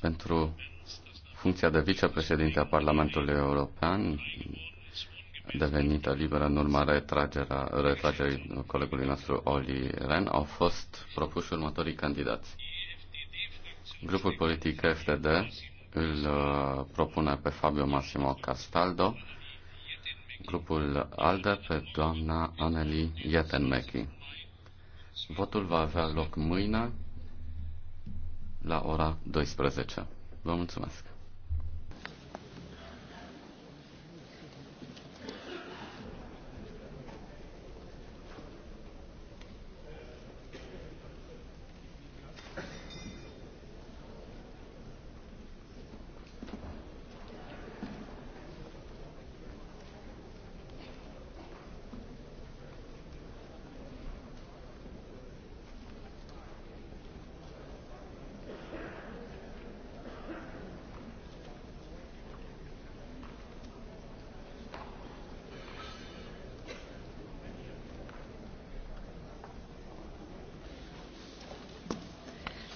pentru funcția de vicepreședinte a Parlamentului European, devenită liberă în urma retragerii colegului nostru Oli Ren, au fost propuși următorii candidați. Grupul politic FTD îl uh, propune pe Fabio Massimo Castaldo, grupul ALDE pe doamna Anneli Jetenmechi. Votul va avea loc mâine la ora 12. Vă mulțumesc!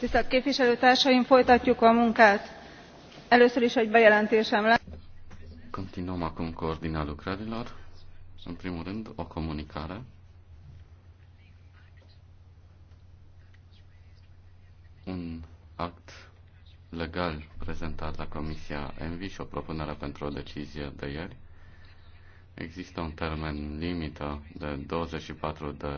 tisztelt képviselőtársaim folytatjuk a munkát. először is egy bejelentésem lesz. Continuăm acum coordina lucrărilor. În primul rând, o comunicare. Un act legal prezentat la Comisia Envi și o propunere pentru o decizie de ieri. Există un termen limită de 24 de